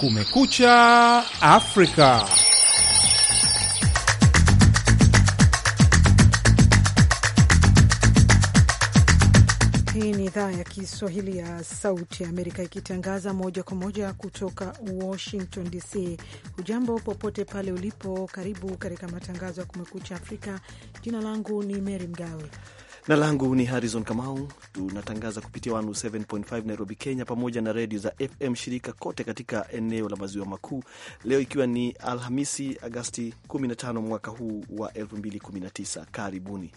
Kumekucha Afrika. Hii ni idhaa ya Kiswahili ya Sauti ya Amerika ikitangaza moja kwa moja kutoka Washington DC. Hujambo popote pale ulipo, karibu katika matangazo ya Kumekucha Afrika. Jina langu ni mery Mgawe na langu ni Harrison Kamau. Tunatangaza kupitia 107.5 Nairobi, Kenya, pamoja na redio za FM shirika kote katika eneo la maziwa makuu. Leo ikiwa ni Alhamisi, Agasti 15 mwaka huu wa 2019. Karibuni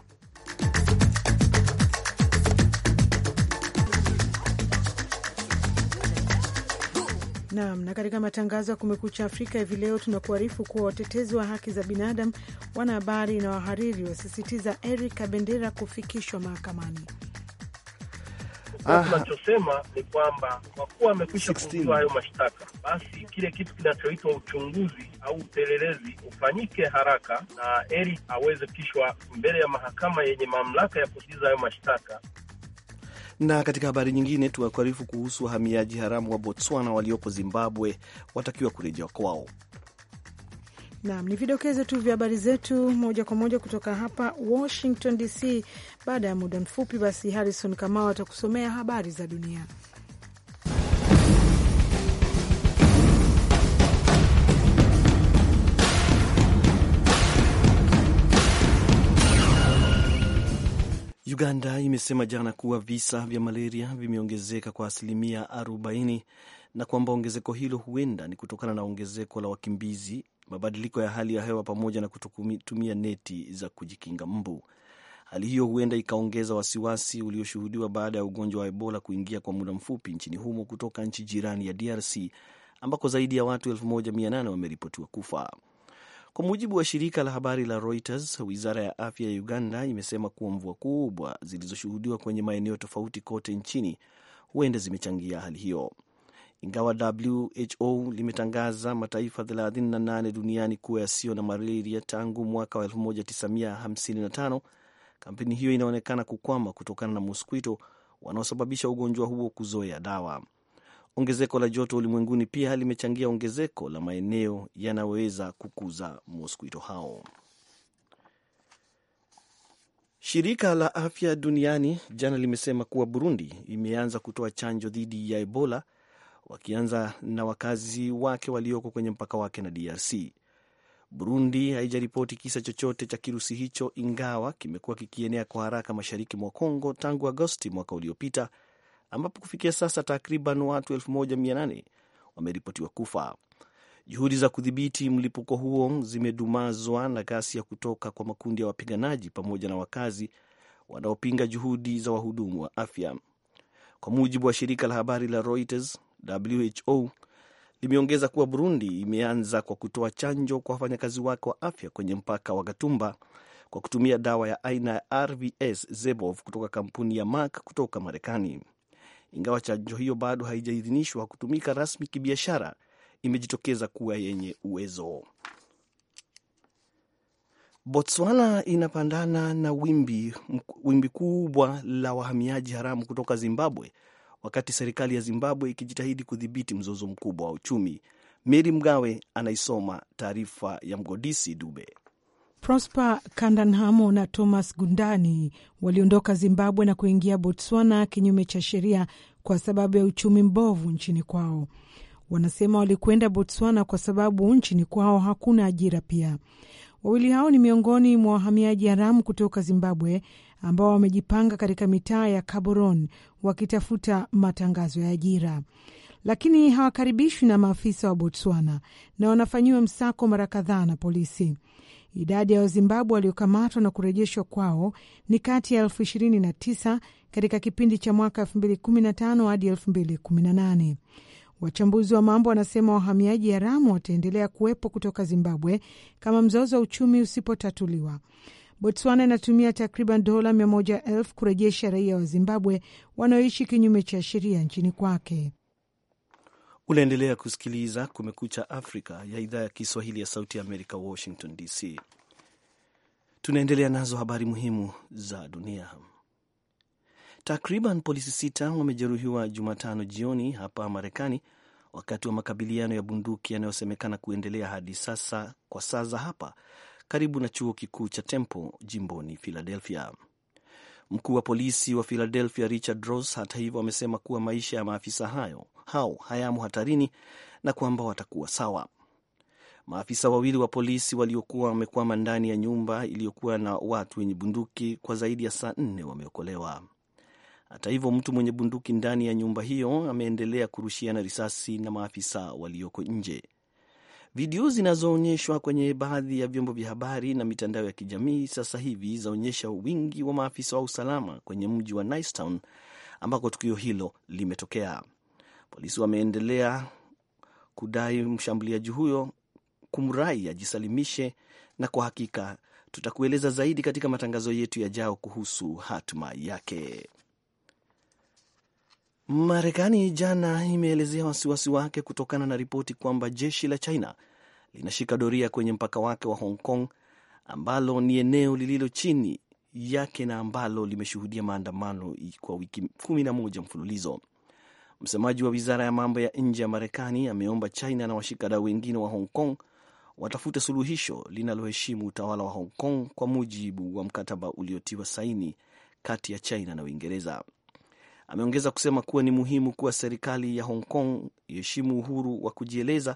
Naam, na katika matangazo ya Kumekucha Afrika hivi leo tunakuarifu kuwa watetezi wa haki za binadamu, wanahabari na wahariri wasisitiza Eric Kabendera kufikishwa mahakamani. Tunachosema ni kwamba kwa kuwa amekwisha kufunguliwa hayo mashtaka, basi kile kitu kinachoitwa uchunguzi au upelelezi ufanyike haraka na Eric aweze kufikishwa mbele ya mahakama yenye mamlaka ya kusikiza hayo mashtaka. Na katika habari nyingine, tunakuarifu kuhusu wahamiaji haramu wa Botswana walioko Zimbabwe watakiwa kurejea kwao. Nam, ni vidokezo tu vya habari zetu moja kwa moja kutoka hapa Washington DC. Baada ya muda mfupi, basi Harrison Kamau atakusomea habari za dunia. Uganda imesema jana kuwa visa vya malaria vimeongezeka kwa asilimia 40 na kwamba ongezeko hilo huenda ni kutokana na ongezeko la wakimbizi, mabadiliko ya hali ya hewa, pamoja na kutumia neti za kujikinga mbu. Hali hiyo huenda ikaongeza wasiwasi ulioshuhudiwa baada ya ugonjwa wa Ebola kuingia kwa muda mfupi nchini humo kutoka nchi jirani ya DRC ambako zaidi ya watu 1800 wameripotiwa kufa. Kwa mujibu wa shirika la habari la Reuters, wizara ya afya ya Uganda imesema kuwa mvua kubwa zilizoshuhudiwa kwenye maeneo tofauti kote nchini huenda zimechangia hali hiyo. Ingawa WHO limetangaza mataifa 38 duniani kuwa yasiyo na malaria tangu mwaka wa 1955 kampeni hiyo inaonekana kukwama kutokana na mosquito wanaosababisha ugonjwa huo kuzoea dawa. Ongezeko la joto ulimwenguni pia limechangia ongezeko la maeneo yanayoweza kukuza mosquito hao. Shirika la afya duniani jana limesema kuwa Burundi imeanza kutoa chanjo dhidi ya Ebola, wakianza na wakazi wake walioko kwenye mpaka wake na DRC. Burundi haijaripoti kisa chochote cha kirusi hicho, ingawa kimekuwa kikienea kwa haraka mashariki mwa Kongo tangu Agosti mwaka uliopita, ambapo kufikia sasa takriban watu 1800 wameripotiwa kufa. Juhudi za kudhibiti mlipuko huo zimedumazwa na ghasia kutoka kwa makundi ya wapiganaji pamoja na wakazi wanaopinga juhudi za wahudumu wa afya. Kwa mujibu wa shirika la habari la Reuters, WHO limeongeza kuwa Burundi imeanza kwa kutoa chanjo kwa wafanyakazi wake wa afya kwenye mpaka wa Gatumba kwa kutumia dawa ya aina ya RVS Zebov kutoka kampuni ya Merck kutoka Marekani. Ingawa chanjo hiyo bado haijaidhinishwa kutumika rasmi kibiashara, imejitokeza kuwa yenye uwezo. Botswana inapandana na wimbi, wimbi kubwa la wahamiaji haramu kutoka Zimbabwe wakati serikali ya Zimbabwe ikijitahidi kudhibiti mzozo mkubwa wa uchumi. Meri Mgawe anaisoma taarifa ya Mgodisi Dube. Prosper Kandanhamo na Thomas Gundani waliondoka Zimbabwe na kuingia Botswana kinyume cha sheria kwa sababu ya uchumi mbovu nchini kwao. Wanasema walikwenda Botswana kwa sababu nchini kwao hakuna ajira. Pia wawili hao ni miongoni mwa wahamiaji haramu kutoka Zimbabwe ambao wamejipanga katika mitaa ya Gaborone wakitafuta matangazo ya ajira, lakini hawakaribishwi na maafisa wa Botswana na wanafanyiwa msako mara kadhaa na polisi. Idadi ya Wazimbabwe waliokamatwa na kurejeshwa kwao ni kati ya elfu ishirini na tisa katika kipindi cha mwaka elfu mbili kumi na tano hadi elfu mbili kumi na nane. Wachambuzi wa mambo wanasema wahamiaji haramu wataendelea kuwepo kutoka Zimbabwe kama mzozo wa uchumi usipotatuliwa. Botswana inatumia takriban dola mia moja elfu kurejesha raia wa Zimbabwe wanaoishi kinyume cha sheria nchini kwake. Unaendelea kusikiliza Kumekucha Afrika ya idhaa ya Kiswahili ya Sauti ya Amerika, Washington DC. Tunaendelea nazo habari muhimu za dunia. Takriban polisi sita wamejeruhiwa Jumatano jioni hapa Marekani wakati wa makabiliano ya bunduki yanayosemekana kuendelea hadi sasa kwa saa za hapa karibu na chuo kikuu cha Temple jimboni Philadelphia. Mkuu wa polisi wa Philadelphia Richard Ross, hata hivyo, amesema kuwa maisha ya maafisa hayo hao hayamo hatarini na kwamba watakuwa sawa. Maafisa wawili wa polisi waliokuwa wamekwama ndani ya nyumba iliyokuwa na watu wenye bunduki kwa zaidi ya saa nne wameokolewa. Hata hivyo, mtu mwenye bunduki ndani ya nyumba hiyo ameendelea kurushiana risasi na maafisa walioko nje. Video zinazoonyeshwa kwenye baadhi ya vyombo vya habari na mitandao ya kijamii sasa hivi zaonyesha wingi wa maafisa wa usalama kwenye mji wa Nicetown ambako tukio hilo limetokea. Polisi wameendelea kudai mshambuliaji huyo kumrai ajisalimishe, na kwa hakika tutakueleza zaidi katika matangazo yetu yajao kuhusu hatima yake. Marekani jana imeelezea wasiwasi wake kutokana na ripoti kwamba jeshi la China linashika doria kwenye mpaka wake wa Hong Kong ambalo ni eneo lililo chini yake na ambalo limeshuhudia maandamano kwa wiki kumi na moja mfululizo. Msemaji wa wizara ya mambo ya nje ya Marekani ameomba China na washikadau wengine wa Hong Kong watafute suluhisho linaloheshimu utawala wa Hong Kong kwa mujibu wa mkataba uliotiwa saini kati ya China na Uingereza. Ameongeza kusema kuwa ni muhimu kuwa serikali ya Hong Kong iheshimu uhuru wa kujieleza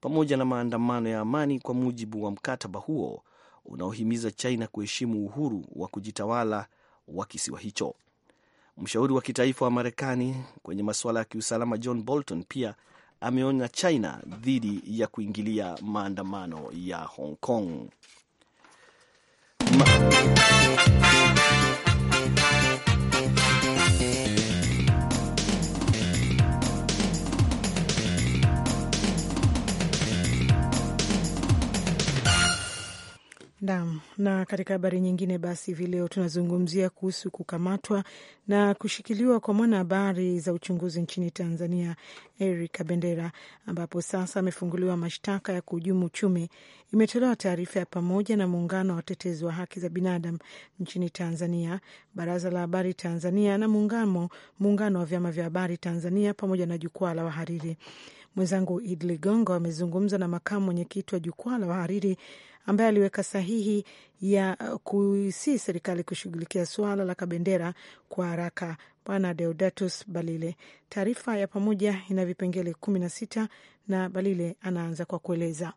pamoja na maandamano ya amani kwa mujibu wa mkataba huo unaohimiza China kuheshimu uhuru wa kujitawala wa kisiwa hicho. Mshauri wa kitaifa wa Marekani kwenye masuala ya kiusalama John Bolton pia ameonya China dhidi ya kuingilia maandamano ya Hong Kong Ma Naam, na katika habari nyingine basi hivi leo tunazungumzia kuhusu kukamatwa na kushikiliwa kwa mwanahabari za uchunguzi nchini Tanzania Eric Kabendera, ambapo sasa amefunguliwa mashtaka ya kuhujumu uchumi. Imetolewa taarifa ya pamoja na muungano wa watetezi wa haki za binadamu nchini Tanzania, baraza la habari Tanzania na muungano wa vyama vya habari Tanzania pamoja na jukwaa la wahariri. Mwenzangu Id Ligongo amezungumza na makamu mwenyekiti wa jukwaa la wahariri ambaye aliweka sahihi ya uh, kuisii serikali kushughulikia suala la Kabendera kwa haraka, Bwana Deodatus Balile. Taarifa ya pamoja ina vipengele kumi na sita na Balile anaanza kwa kueleza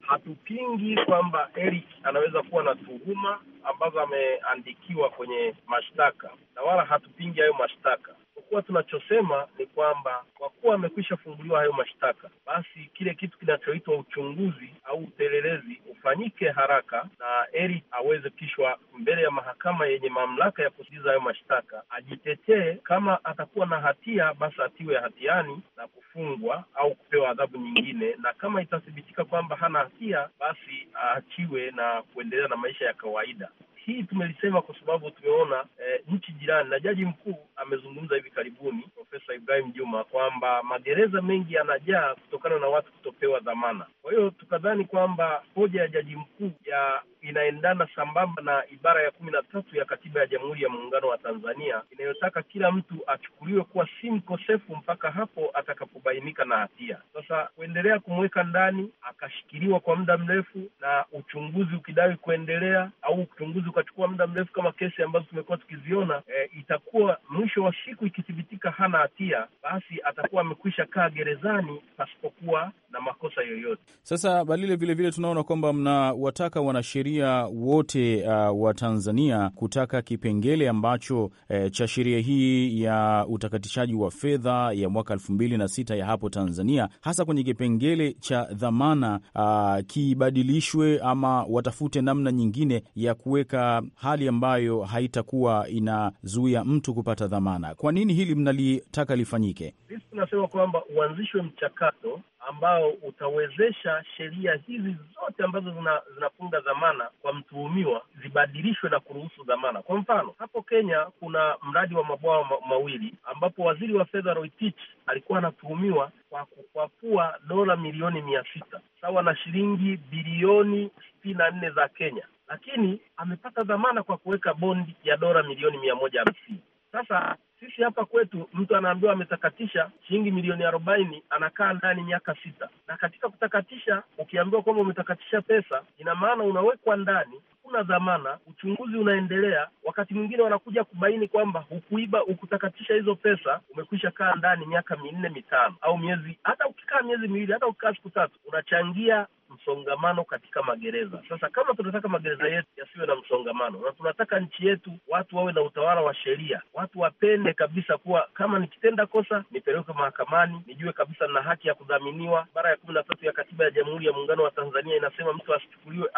Hatupingi kwamba Eric anaweza kuwa na tuhuma ambazo ameandikiwa kwenye mashtaka na wala hatupingi hayo mashtaka, isipokuwa tunachosema ni kwamba kwa kuwa amekwisha funguliwa hayo mashtaka, basi kile kitu kinachoitwa uchunguzi au upelelezi ufanyike haraka na Eric aweze kishwa mbele ya mahakama yenye mamlaka ya kusikiliza hayo mashtaka, ajitetee. Kama atakuwa na hatia, basi atiwe hatiani na kufungwa au kupewa adhabu nyingine, na kama itathibitika kwamba hana hatia, basi aachiwe na kuendelea na maisha ya kawaida. Hii tumelisema kwa sababu tumeona eh, nchi jirani na jaji mkuu amezungumza hivi karibuni, Profesa Ibrahim Juma, kwamba magereza mengi yanajaa kutokana na watu kutopewa dhamana. Kwa hiyo tukadhani kwamba hoja ya jaji mkuu ya inaendana sambamba na ibara ya kumi na tatu ya katiba ya Jamhuri ya Muungano wa Tanzania inayotaka kila mtu achukuliwe kuwa si mkosefu mpaka hapo atakapobainika na hatia. Sasa kuendelea kumweka ndani akashikiliwa kwa muda mrefu na uchunguzi ukidai kuendelea au uchunguzi ukachukua muda mrefu kama kesi ambazo tumekuwa tukiziona, e, itakuwa mwisho wa siku ikithibitika hana hatia, basi atakuwa amekwisha kaa gerezani pasipokuwa na makosa yoyote. Sasa Balile, vilevile tunaona kwamba mnawataka wanasheria raia wote uh, wa Tanzania kutaka kipengele ambacho eh, cha sheria hii ya utakatishaji wa fedha ya mwaka elfu mbili na sita ya hapo Tanzania, hasa kwenye kipengele cha dhamana uh, kibadilishwe ama watafute namna nyingine ya kuweka hali ambayo haitakuwa inazuia mtu kupata dhamana. Kwa nini hili mnalitaka lifanyike? Sisi tunasema kwamba uanzishwe mchakato ambao utawezesha sheria hizi zote ambazo zina, zinafunga dhamana kwa mtuhumiwa zibadilishwe na kuruhusu dhamana. Kwa mfano, hapo Kenya kuna mradi wa mabwawa ma, mawili ambapo waziri wa fedha Roitich alikuwa anatuhumiwa kwa kukwapua dola milioni mia sita sawa na shilingi bilioni sitini na nne za Kenya, lakini amepata dhamana kwa kuweka bondi ya dola milioni mia moja hamsini. Sasa sisi hapa kwetu mtu anaambiwa ametakatisha shilingi milioni arobaini, anakaa ndani miaka sita. Na katika kutakatisha, ukiambiwa kwamba umetakatisha pesa, ina maana unawekwa ndani hakuna dhamana, uchunguzi unaendelea. Wakati mwingine wanakuja kubaini kwamba hukuiba, hukutakatisha hizo pesa, umekwisha kaa ndani miaka minne mitano au miezi, hata ukikaa miezi miwili, hata ukikaa siku tatu, unachangia msongamano katika magereza. Sasa kama tunataka magereza yetu yasiwe na msongamano na tunataka nchi yetu watu wawe na utawala wa sheria, watu wapende kabisa kuwa kama nikitenda kosa nipelekwe mahakamani, nijue kabisa nina haki ya kudhaminiwa. Ibara ya kumi na tatu ya Katiba ya Jamhuri ya Muungano wa Tanzania inasema mtu achukuliwe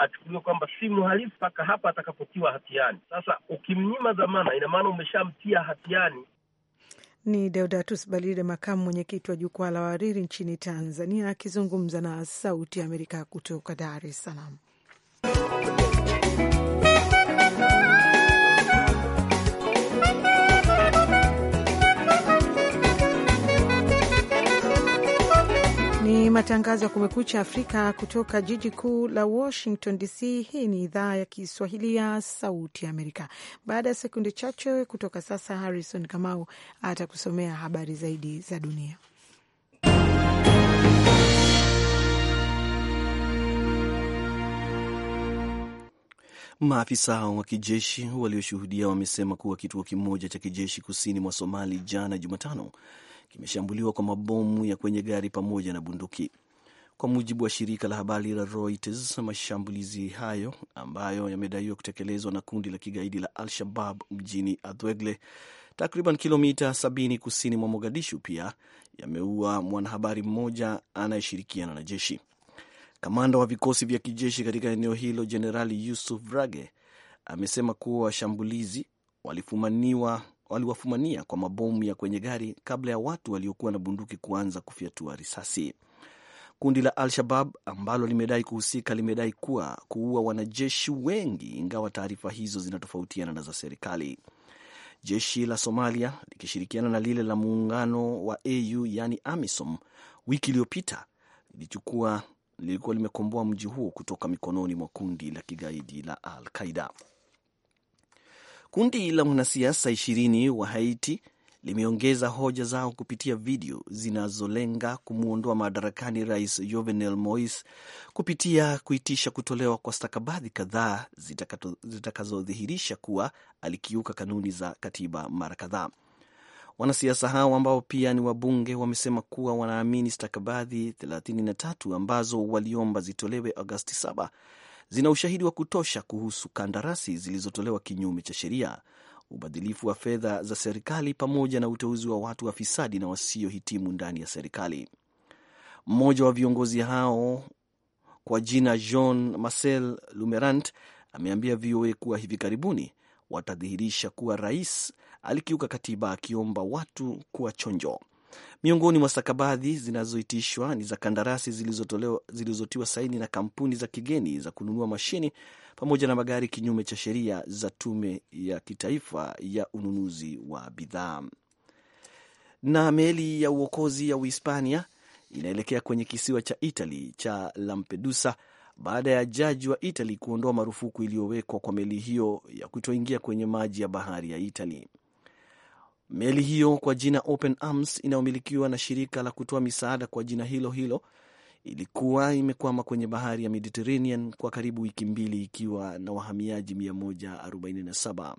kwamba si mhalifu mpaka hapa atakapotiwa hatiani. Sasa ukimnyima dhamana, ina maana umeshamtia hatiani. Ni Deodatus Balile, makamu mwenyekiti wa jukwaa la wahariri nchini Tanzania, akizungumza na Sauti ya Amerika kutoka Dar es Salaam. matangazo ya Kumekucha Afrika kutoka jiji kuu la Washington DC. Hii ni idhaa ya Kiswahili ya Sauti Amerika. Baada ya sekunde chache kutoka sasa, Harrison Kamau atakusomea habari zaidi za dunia. Maafisa wa kijeshi walioshuhudia wamesema kuwa kituo kimoja cha kijeshi kusini mwa Somali jana Jumatano kimeshambuliwa kwa mabomu ya kwenye gari pamoja na bunduki. Kwa mujibu wa shirika la habari la Reuters, mashambulizi hayo ambayo yamedaiwa kutekelezwa na kundi la kigaidi la Al-Shabab mjini Adwegle, takriban kilomita 70 kusini mwa Mogadishu, pia yameua mwanahabari mmoja anayeshirikiana na jeshi. Kamanda wa vikosi vya kijeshi katika eneo hilo Jenerali Yusuf Rage amesema kuwa washambulizi walifumaniwa waliwafumania kwa mabomu ya kwenye gari kabla ya watu waliokuwa na bunduki kuanza kufyatua risasi. Kundi la Al-Shabab ambalo limedai kuhusika limedai kuwa kuua wanajeshi wengi, ingawa taarifa hizo zinatofautiana na za serikali. Jeshi la Somalia likishirikiana na lile la muungano wa AU yani AMISOM wiki iliyopita lilichukua lilikuwa limekomboa mji huo kutoka mikononi mwa kundi la kigaidi la Al Qaida. Kundi la wanasiasa ishirini wa Haiti limeongeza hoja zao kupitia video zinazolenga kumwondoa madarakani Rais Jovenel Moise kupitia kuitisha kutolewa kwa stakabadhi kadhaa zitakazodhihirisha kuwa alikiuka kanuni za katiba mara kadhaa. Wanasiasa hao ambao pia ni wabunge wamesema kuwa wanaamini stakabadhi 33 ambazo waliomba zitolewe Agosti 7 zina ushahidi wa kutosha kuhusu kandarasi zilizotolewa kinyume cha sheria, ubadhilifu wa fedha za serikali, pamoja na uteuzi wa watu wafisadi na wasiohitimu ndani ya serikali. Mmoja wa viongozi hao kwa jina Jean Marcel Lumerant ameambia VOA kuwa hivi karibuni watadhihirisha kuwa rais alikiuka katiba akiomba watu kuwa chonjo. Miongoni mwa stakabadhi zinazoitishwa ni za kandarasi zilizotiwa saini na kampuni za kigeni za kununua mashine pamoja na magari kinyume cha sheria za Tume ya Kitaifa ya Ununuzi wa Bidhaa. Na meli ya uokozi ya Uhispania inaelekea kwenye kisiwa cha Itali cha Lampedusa baada ya jaji wa Itali kuondoa marufuku iliyowekwa kwa meli hiyo ya kutoingia kwenye maji ya bahari ya Itali. Meli hiyo kwa jina Open Arms inayomilikiwa na shirika la kutoa misaada kwa jina hilo hilo ilikuwa imekwama kwenye bahari ya Mediterranean kwa karibu wiki mbili ikiwa na wahamiaji 147.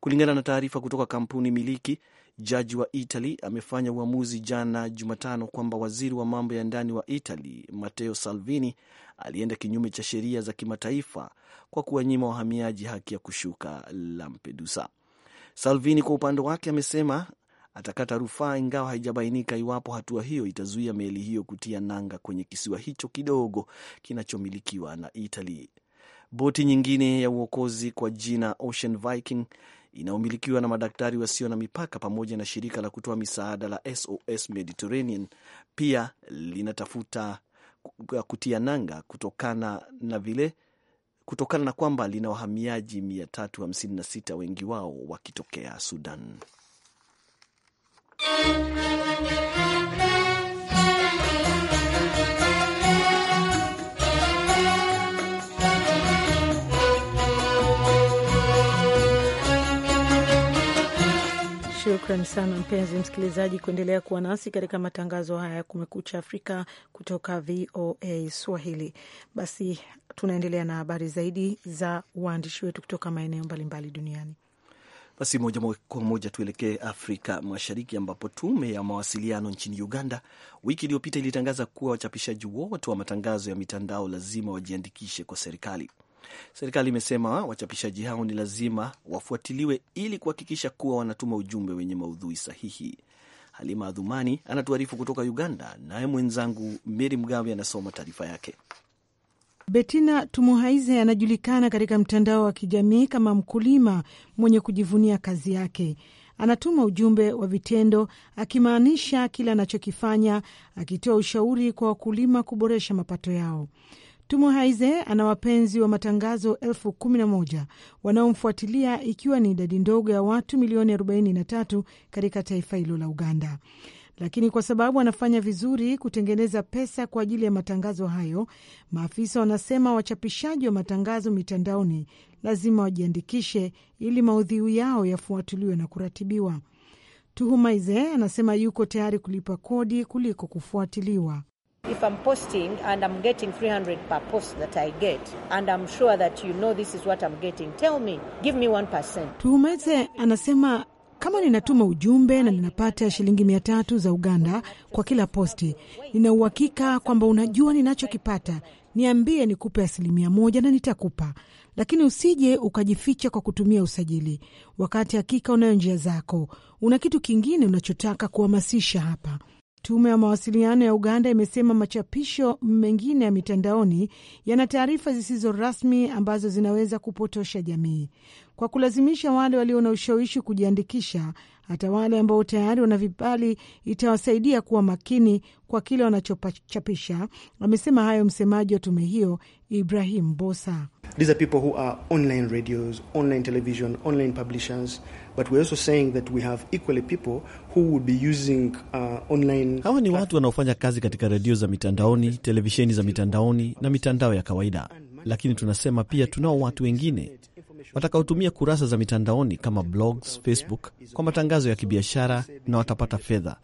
Kulingana na taarifa kutoka kampuni miliki, jaji wa Italy amefanya uamuzi jana Jumatano kwamba waziri wa mambo ya ndani wa Italy Matteo Salvini alienda kinyume cha sheria za kimataifa kwa kuwanyima wahamiaji haki ya kushuka Lampedusa. Salvini kwa upande wake amesema atakata rufaa, ingawa haijabainika iwapo hatua hiyo itazuia meli hiyo kutia nanga kwenye kisiwa hicho kidogo kinachomilikiwa na Italy. Boti nyingine ya uokozi kwa jina Ocean Viking inayomilikiwa na madaktari wasio na mipaka pamoja na shirika la kutoa misaada la SOS Mediterranean pia linatafuta kutia nanga kutokana na vile kutokana na kwamba lina wahamiaji 356 wengi wao wakitokea Sudan. Shukran sana mpenzi msikilizaji, kuendelea kuwa nasi katika matangazo haya ya Kumekucha Afrika kutoka VOA Swahili. Basi tunaendelea na habari zaidi za waandishi wetu kutoka maeneo mbalimbali duniani. Basi moja kwa moja tuelekee Afrika Mashariki, ambapo tume ya mawasiliano nchini Uganda wiki iliyopita ilitangaza kuwa wachapishaji wote wa matangazo ya mitandao lazima wajiandikishe kwa serikali. Serikali imesema wachapishaji hao ni lazima wafuatiliwe ili kuhakikisha kuwa wanatuma ujumbe wenye maudhui sahihi. Halima Adhumani anatuarifu kutoka Uganda, naye mwenzangu Meri Mgawe anasoma taarifa yake. Betina Tumuhaize anajulikana katika mtandao wa kijamii kama mkulima mwenye kujivunia kazi yake. Anatuma ujumbe wa vitendo akimaanisha kile anachokifanya, akitoa ushauri kwa wakulima kuboresha mapato yao. Haize ana wapenzi wa matangazo elfu kumi na moja wanaomfuatilia ikiwa ni idadi ndogo ya watu milioni 43 katika taifa hilo la Uganda. Lakini kwa sababu anafanya vizuri kutengeneza pesa kwa ajili ya matangazo hayo, maafisa wanasema wachapishaji wa matangazo mitandaoni lazima wajiandikishe ili maudhui yao yafuatiliwe na kuratibiwa. Tuhumaize anasema yuko tayari kulipa kodi kuliko kufuatiliwa. Tuumeze anasema kama ninatuma ujumbe na ninapata shilingi mia tatu za Uganda kwa kila posti, nina uhakika kwamba unajua ninachokipata. Niambie nikupe asilimia moja na nitakupa, lakini usije ukajificha kwa kutumia usajili, wakati hakika unayo njia zako. Una kitu kingine unachotaka kuhamasisha hapa. Tume ya mawasiliano ya Uganda imesema machapisho mengine ya mitandaoni yana taarifa zisizo rasmi ambazo zinaweza kupotosha jamii kwa kulazimisha wale walio na ushawishi kujiandikisha hata wale ambao tayari wana vibali itawasaidia kuwa makini kwa kile wanachochapisha. Amesema hayo msemaji wa tume hiyo Ibrahim Bosa. These are people who are online radios, online television, online publishers, but we're also saying that we have equally people who would be using uh, online. Hawa ni watu wanaofanya kazi katika redio za mitandaoni, televisheni za mitandaoni na mitandao ya kawaida, lakini tunasema pia tunao watu wengine watakaotumia kurasa za mitandaoni kama blogs, Facebook kwa matangazo ya kibiashara na watapata fedha,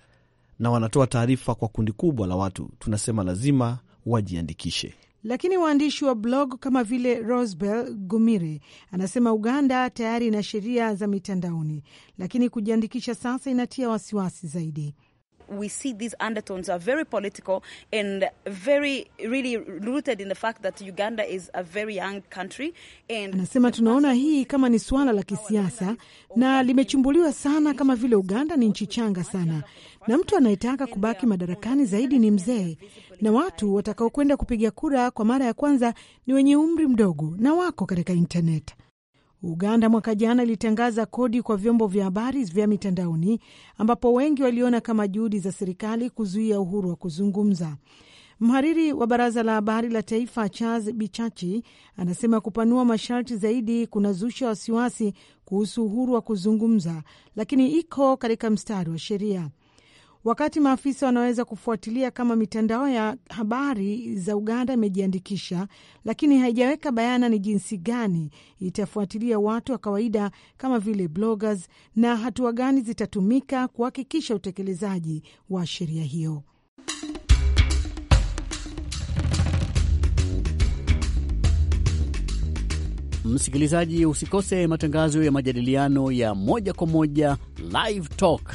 na wanatoa taarifa kwa kundi kubwa la watu. Tunasema lazima wajiandikishe. Lakini waandishi wa blog kama vile Rosbel Gumire anasema Uganda tayari ina sheria za mitandaoni, lakini kujiandikisha sasa inatia wasiwasi zaidi we see these undertones are very political and very really rooted in the fact that Uganda is a very young country and anasema tunaona hii kama ni suala la kisiasa na limechumbuliwa sana, kama vile Uganda ni nchi changa sana, na mtu anayetaka kubaki madarakani zaidi ni mzee, na watu watakaokwenda kupiga kura kwa mara ya kwanza ni wenye umri mdogo na wako katika intaneti. Uganda mwaka jana ilitangaza kodi kwa vyombo vya habari vya mitandaoni, ambapo wengi waliona kama juhudi za serikali kuzuia uhuru wa kuzungumza. Mhariri wa baraza la habari la taifa Charles Bichachi anasema kupanua masharti zaidi kunazusha wasiwasi kuhusu uhuru wa kuzungumza, lakini iko katika mstari wa sheria wakati maafisa wanaweza kufuatilia kama mitandao ya habari za Uganda imejiandikisha, lakini haijaweka bayana ni jinsi gani itafuatilia watu wa kawaida kama vile bloggers na hatua gani zitatumika kuhakikisha utekelezaji wa sheria hiyo. Msikilizaji, usikose matangazo ya majadiliano ya moja kwa moja Live Talk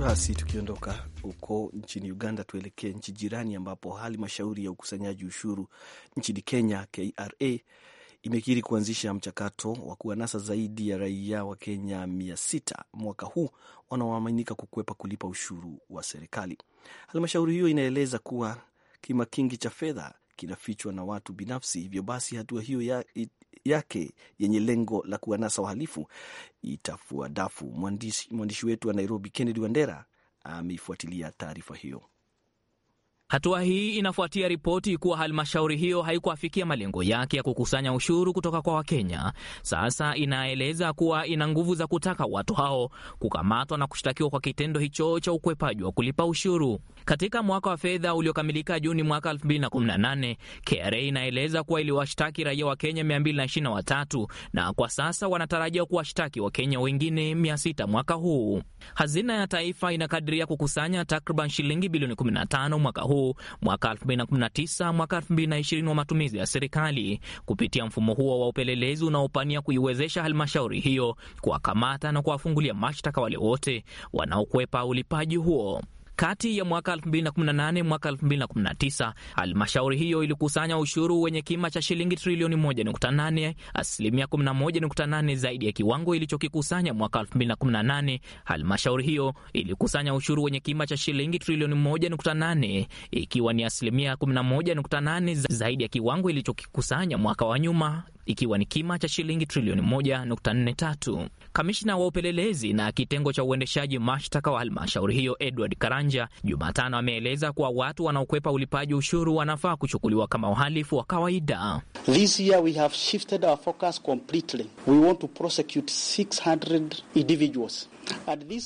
Basi tukiondoka huko nchini Uganda, tuelekee nchi jirani ambapo halmashauri ya ukusanyaji ushuru nchini Kenya, KRA, imekiri kuanzisha mchakato wa kuwanasa zaidi ya raia wa Kenya mia sita mwaka huu wanaoaminika kukwepa kulipa ushuru wa serikali. Halmashauri hiyo inaeleza kuwa kima kingi cha fedha kinafichwa na watu binafsi, hivyo basi hatua hiyo ya yake yenye lengo la kuwanasa wahalifu itafua dafu. Mwandishi wetu wa Nairobi, Kennedy Wandera, ameifuatilia taarifa hiyo. Hatua hii inafuatia ripoti kuwa halmashauri hiyo haikuafikia malengo yake ya kukusanya ushuru kutoka kwa Wakenya. Sasa inaeleza kuwa ina nguvu za kutaka watu hao kukamatwa na kushtakiwa kwa kitendo hicho cha ukwepaji wa kulipa ushuru. Katika mwaka wa fedha uliokamilika Juni mwaka 2018, KRA inaeleza kuwa iliwashtaki raia wa Kenya 223 na kwa sasa wanatarajia kuwashtaki Wakenya wengine 600 mwaka huu. Hazina ya Taifa inakadiria kukusanya takriban shilingi bilioni 15 mwaka huu mkuu mwaka 2019 mwaka 2020 wa matumizi ya serikali. Kupitia mfumo huo wa upelelezi unaopania kuiwezesha halmashauri hiyo kuwakamata na kuwafungulia mashtaka wale wote wanaokwepa ulipaji huo. Kati ya mwaka 2018 mwaka 2019 halmashauri hiyo ilikusanya ushuru wenye kima cha shilingi trilioni 1.8, asilimia 11.8 zaidi ya kiwango ilichokikusanya mwaka 2018. Halmashauri hiyo ilikusanya ushuru wenye kima cha shilingi trilioni 1.8, ikiwa ni asilimia 11.8 zaidi ya kiwango ilichokikusanya mwaka wa nyuma ikiwa ni kima cha shilingi trilioni 1.43. Kamishna wa upelelezi na kitengo cha uendeshaji mashtaka wa halmashauri hiyo Edward Karanja Jumatano ameeleza kuwa watu wanaokwepa ulipaji ushuru wanafaa kuchukuliwa kama uhalifu wa kawaida. This year we have shifted our focus completely. We want to prosecute 600 individuals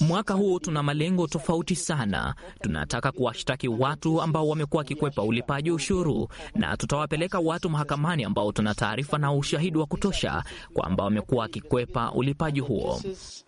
Mwaka huu tuna malengo tofauti sana. Tunataka kuwashtaki watu ambao wamekuwa wakikwepa ulipaji ushuru, na tutawapeleka watu mahakamani ambao tuna taarifa na ushahidi wa kutosha kwamba wamekuwa wakikwepa ulipaji huo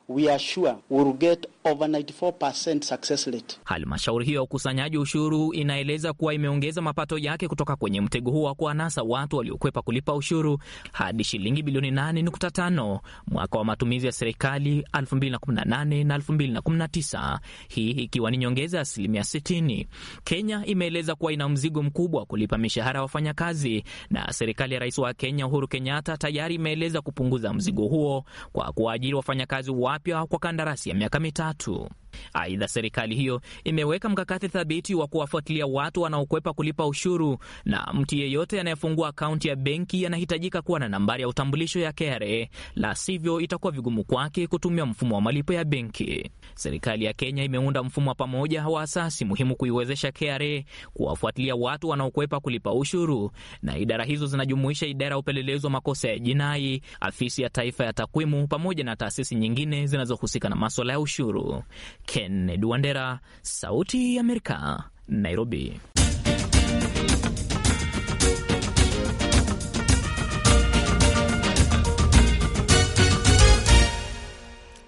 we are sure we'll get over 94% success rate. Halmashauri hiyo ya ukusanyaji ushuru inaeleza kuwa imeongeza mapato yake kutoka kwenye mtego huo wa kuanasa watu waliokwepa kulipa ushuru hadi shilingi bilioni 8.5 mwaka wa matumizi ya serikali 2018 na 2019, hii ikiwa ni nyongeza ya asilimia 60. Kenya imeeleza kuwa ina mzigo mkubwa wa kulipa mishahara ya wafanyakazi, na serikali ya Rais wa Kenya Uhuru Kenyatta tayari imeeleza kupunguza mzigo huo kwa kuwaajiri wafanyakazi wa wapya kwa kandarasi ya miaka mitatu. Aidha, serikali hiyo imeweka mkakati thabiti wa kuwafuatilia watu wanaokwepa kulipa ushuru, na mtu yeyote anayefungua akaunti ya benki anahitajika kuwa na nambari ya utambulisho ya KRA, la sivyo itakuwa vigumu kwake kutumia mfumo wa malipo ya benki. Serikali ya Kenya imeunda mfumo wa pamoja wa asasi muhimu kuiwezesha KRA kuwafuatilia watu wanaokwepa kulipa ushuru, na idara hizo zinajumuisha idara ya upelelezi wa makosa ya jinai, afisi ya taifa ya takwimu, pamoja na taasisi nyingine zinazohusika na maswala ya ushuru. Kennedy Wandera, Sauti ya Amerika, Nairobi.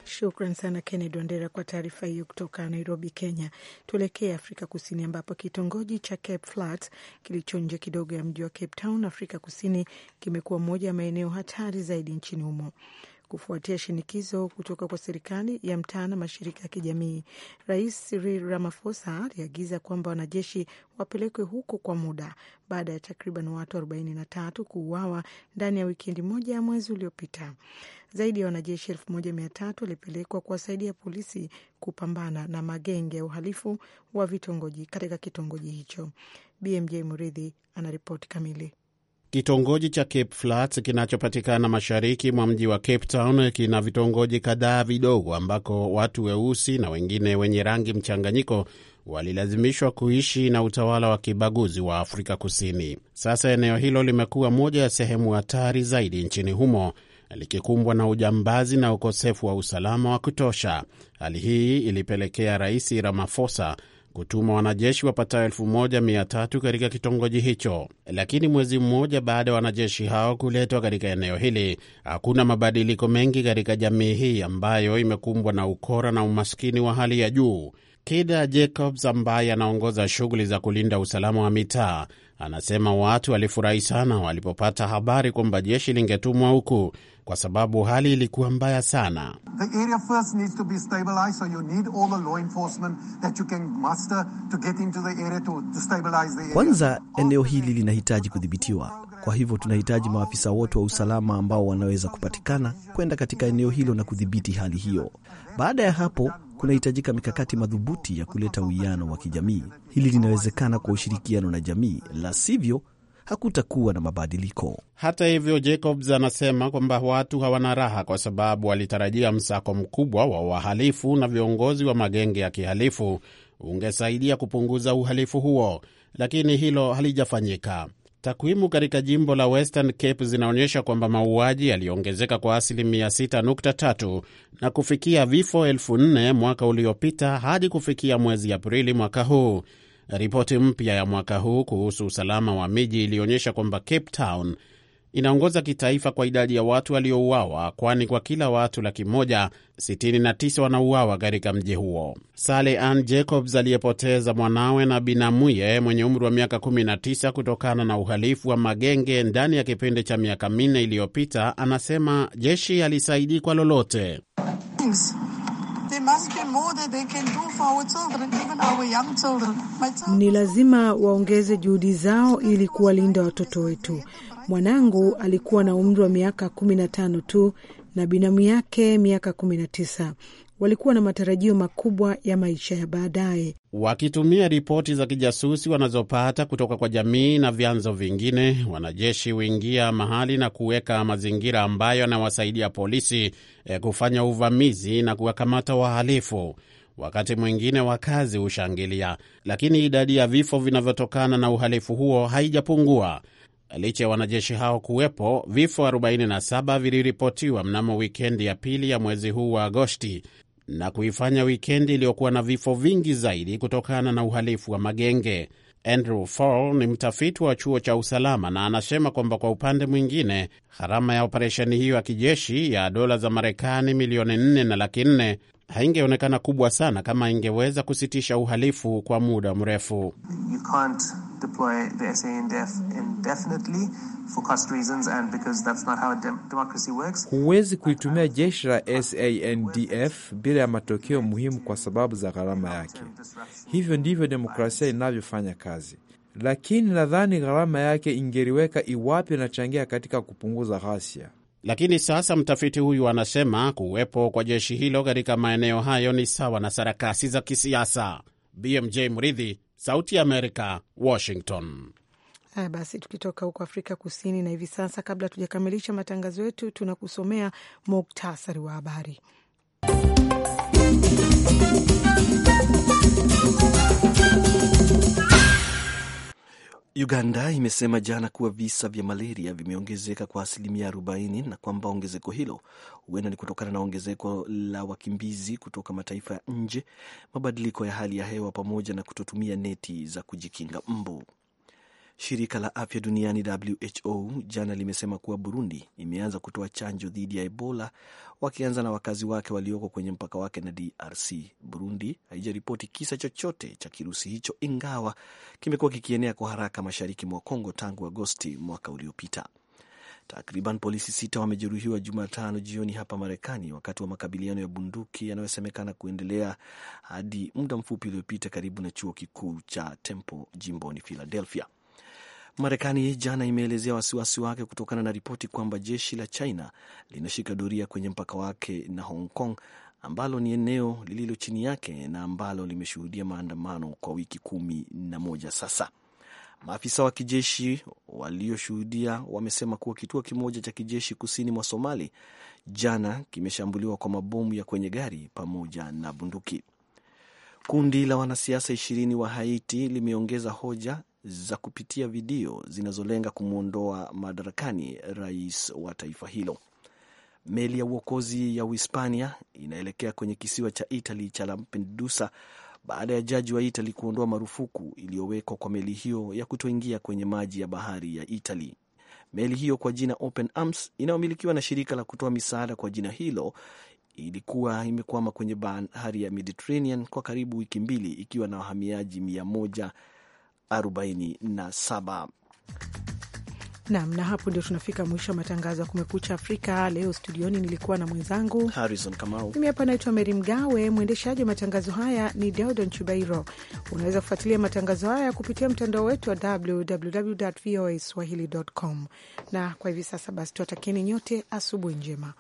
Shukran sana Kennedy Wandera kwa taarifa hiyo kutoka Nairobi, Kenya. Tuelekee Afrika Kusini, ambapo kitongoji cha Cape Flats kilicho nje kidogo ya mji wa Cape Town, Afrika Kusini, kimekuwa moja ya maeneo hatari zaidi nchini humo kufuatia shinikizo kutoka kwa serikali ya mtaa na mashirika ya kijamii. Rais Cyril Ramaphosa aliagiza kwamba wanajeshi wapelekwe huko kwa muda baada ya takriban watu 43 kuuawa ndani ya wikendi moja ya mwezi uliopita. Zaidi ya wanajeshi 1300 walipelekwa kuwasaidia polisi kupambana na magenge ya uhalifu wa vitongoji katika kitongoji hicho. BMJ Muridhi anaripoti kamili. Kitongoji cha Cape Flats kinachopatikana mashariki mwa mji wa Cape Town kina vitongoji kadhaa vidogo ambako watu weusi na wengine wenye rangi mchanganyiko walilazimishwa kuishi na utawala wa kibaguzi wa Afrika Kusini. Sasa eneo hilo limekuwa moja ya sehemu hatari zaidi nchini humo likikumbwa na ujambazi na ukosefu wa usalama wa kutosha. Hali hii ilipelekea Rais Ramaphosa kutuma wanajeshi wapatao 13 katika kitongoji hicho, lakini mwezi mmoja baada ya wanajeshi hao kuletwa katika eneo hili, hakuna mabadiliko mengi katika jamii hii ambayo imekumbwa na ukora na umaskini wa hali ya juu. Kida Jacobs ambaye anaongoza shughuli za kulinda usalama wa mitaa Anasema watu walifurahi sana walipopata habari kwamba jeshi lingetumwa huku, kwa sababu hali ilikuwa mbaya sana. Kwanza eneo hili linahitaji kudhibitiwa, kwa hivyo tunahitaji maafisa wote wa usalama ambao wanaweza kupatikana kwenda katika eneo hilo na kudhibiti hali hiyo. Baada ya hapo kunahitajika mikakati madhubuti ya kuleta uwiano wa kijamii. Hili linawezekana kwa ushirikiano na jamii, la sivyo hakutakuwa na mabadiliko. Hata hivyo, Jacobs anasema kwamba watu hawana raha kwa sababu walitarajia msako mkubwa wa wahalifu na viongozi wa magenge ya kihalifu ungesaidia kupunguza uhalifu huo, lakini hilo halijafanyika. Takwimu katika jimbo la Western Cape zinaonyesha kwamba mauaji yaliongezeka kwa asilimia 6.3 na kufikia vifo 4 mwaka uliopita hadi kufikia mwezi Aprili mwaka huu. Ripoti mpya ya mwaka huu kuhusu usalama wa miji ilionyesha kwamba Cape Town inaongoza kitaifa kwa idadi ya watu waliouawa, kwani kwa kila watu laki moja 69 wanauawa katika mji huo. sale Ann Jacobs aliyepoteza mwanawe na binamuye mwenye umri wa miaka 19 kutokana na uhalifu wa magenge ndani ya kipindi cha miaka minne iliyopita, anasema jeshi alisaidi kwa lolote. Ni lazima waongeze juhudi zao ili kuwalinda watoto wetu. Mwanangu alikuwa na umri wa miaka kumi na tano tu na binamu yake miaka kumi na tisa. Walikuwa na matarajio makubwa ya maisha ya baadaye. Wakitumia ripoti za kijasusi wanazopata kutoka kwa jamii na vyanzo vingine, wanajeshi huingia mahali na kuweka mazingira ambayo yanawasaidia polisi eh, kufanya uvamizi na kuwakamata wahalifu. Wakati mwingine wakazi hushangilia, lakini idadi ya vifo vinavyotokana na uhalifu huo haijapungua. Licha ya wanajeshi hao kuwepo, vifo 47 viliripotiwa mnamo wikendi ya pili ya mwezi huu wa Agosti na kuifanya wikendi iliyokuwa na vifo vingi zaidi kutokana na uhalifu wa magenge. Andrew Fall ni mtafiti wa chuo cha usalama na anasema kwamba kwa upande mwingine, gharama ya operesheni hiyo ya kijeshi ya dola za Marekani milioni 4 na laki haingeonekana kubwa sana kama ingeweza kusitisha uhalifu kwa muda mrefu. Huwezi kuitumia jeshi la SANDF bila ya matokeo muhimu kwa sababu za gharama yake. Hivyo ndivyo demokrasia inavyofanya kazi, lakini nadhani gharama yake ingeliweka iwapi inachangia katika kupunguza ghasia. Lakini sasa mtafiti huyu anasema kuwepo kwa jeshi hilo katika maeneo hayo ni sawa na sarakasi za kisiasa. BMJ Mridhi, Sauti ya Amerika, Washington. Haya basi, tukitoka huko Afrika Kusini na hivi sasa, kabla tujakamilisha matangazo yetu, tunakusomea muktasari wa habari. Uganda imesema jana kuwa visa vya malaria vimeongezeka kwa asilimia 40 na kwamba ongezeko hilo huenda ni kutokana na ongezeko la wakimbizi kutoka mataifa ya nje, mabadiliko ya hali ya hewa pamoja na kutotumia neti za kujikinga mbu. Shirika la afya duniani WHO jana limesema kuwa Burundi imeanza kutoa chanjo dhidi ya Ebola, wakianza na wakazi wake walioko kwenye mpaka wake na DRC. Burundi haijaripoti kisa chochote cha kirusi hicho, ingawa kimekuwa kikienea kwa haraka mashariki mwa Kongo tangu Agosti mwaka uliopita. Takriban polisi sita wamejeruhiwa Jumatano jioni hapa Marekani wakati wa makabiliano ya bunduki yanayosemekana kuendelea hadi muda mfupi uliopita karibu na chuo kikuu cha Temple jimboni Philadelphia. Marekani jana imeelezea wasiwasi wake kutokana na ripoti kwamba jeshi la China linashika doria kwenye mpaka wake na Hong Kong ambalo ni eneo lililo chini yake na ambalo limeshuhudia maandamano kwa wiki kumi na moja sasa. Maafisa wa kijeshi walioshuhudia wamesema kuwa kituo kimoja cha kijeshi kusini mwa Somali jana kimeshambuliwa kwa mabomu ya kwenye gari pamoja na bunduki. Kundi la wanasiasa ishirini wa Haiti limeongeza hoja za kupitia video zinazolenga kumwondoa madarakani rais wa taifa hilo. Meli ya uokozi ya Uhispania inaelekea kwenye kisiwa cha Itali cha Lampedusa baada ya jaji wa Itali kuondoa marufuku iliyowekwa kwa meli hiyo ya kutoingia kwenye maji ya bahari ya Itali. Meli hiyo kwa jina Open Arms inayomilikiwa na shirika la kutoa misaada kwa jina hilo ilikuwa imekwama kwenye bahari ya Mediterranean kwa karibu wiki mbili ikiwa na wahamiaji mia moja Nam, na hapo ndio tunafika mwisho wa matangazo ya Kumekucha Afrika leo. Studioni nilikuwa na mwenzangu Harrison Kamau. Mimi hapa naitwa Meri Mgawe, mwendeshaji wa matangazo haya ni Deodon Chubairo. Unaweza kufuatilia matangazo haya kupitia mtandao wetu wa www voa swahili com, na kwa hivi sasa basi tuwatakieni nyote asubuhi njema.